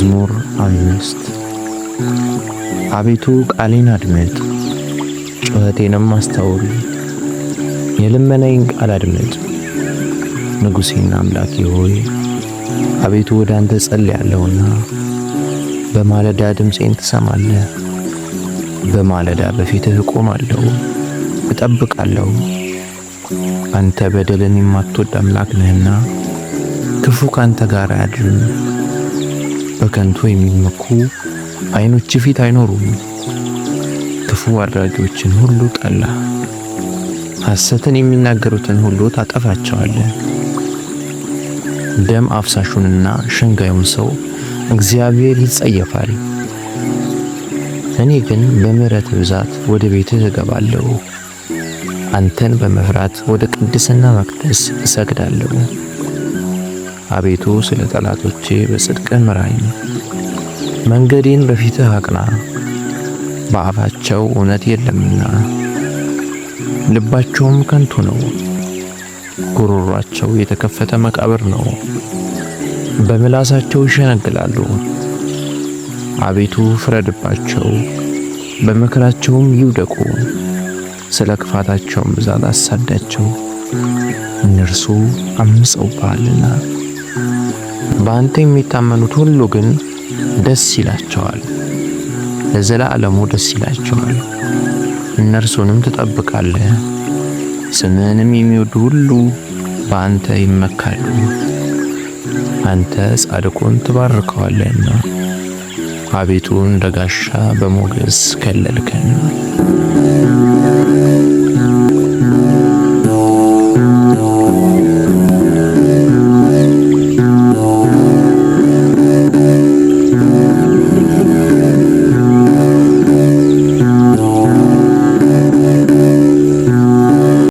መዝሙር አምስት አቤቱ ቃሌን አድምጥ፣ ጩኸቴንም አስተውል፣ የልመናዬን ቃል አድምጥ። ንጉሴና አምላኬ ሆይ አቤቱ ወደ አንተ ጸልያለሁና በማለዳ ድምፄን ትሰማለህ። በማለዳ በፊትህ እቆማለሁ እጠብቃለሁ። አንተ በደልን የማትወድ አምላክ ነህና ክፉ ካንተ ጋር አያድርም። በከንቱ የሚመኩ አይኖች ፊት አይኖሩም። ክፉ አድራጊዎችን ሁሉ ጠላ፣ ሐሰትን የሚናገሩትን ሁሉ ታጠፋቸዋለ። ደም አፍሳሹንና ሸንጋዩን ሰው እግዚአብሔር ይጸየፋል። እኔ ግን በምሕረት ብዛት ወደ ቤትህ እገባለሁ፣ አንተን በመፍራት ወደ ቅድስና መቅደስ እሰግዳለሁ። አቤቱ ስለ ጠላቶቼ በጽድቅህ ምራኝ። መንገዴን በፊትህ አቅና፣ በአፋቸው እውነት የለምና ልባቸውም ከንቱ ነው። ጉሮሯቸው የተከፈተ መቃብር ነው፣ በምላሳቸው ይሸነግላሉ። አቤቱ ፍረድባቸው፣ በምክራቸውም ይውደቁ። ስለ ክፋታቸውም ብዛት አሳዳቸው፣ እነርሱ አምፀውብሃልና። በአንተ የሚታመኑት ሁሉ ግን ደስ ይላቸዋል፣ ለዘላለሙ ደስ ይላቸዋል። እነርሱንም ትጠብቃለህ። ስምህንም የሚወዱ ሁሉ በአንተ ይመካሉ። አንተ ጻድቁን ትባርከዋለህና አቤቱ እንደ ጋሻ በሞገስ ከለልከን።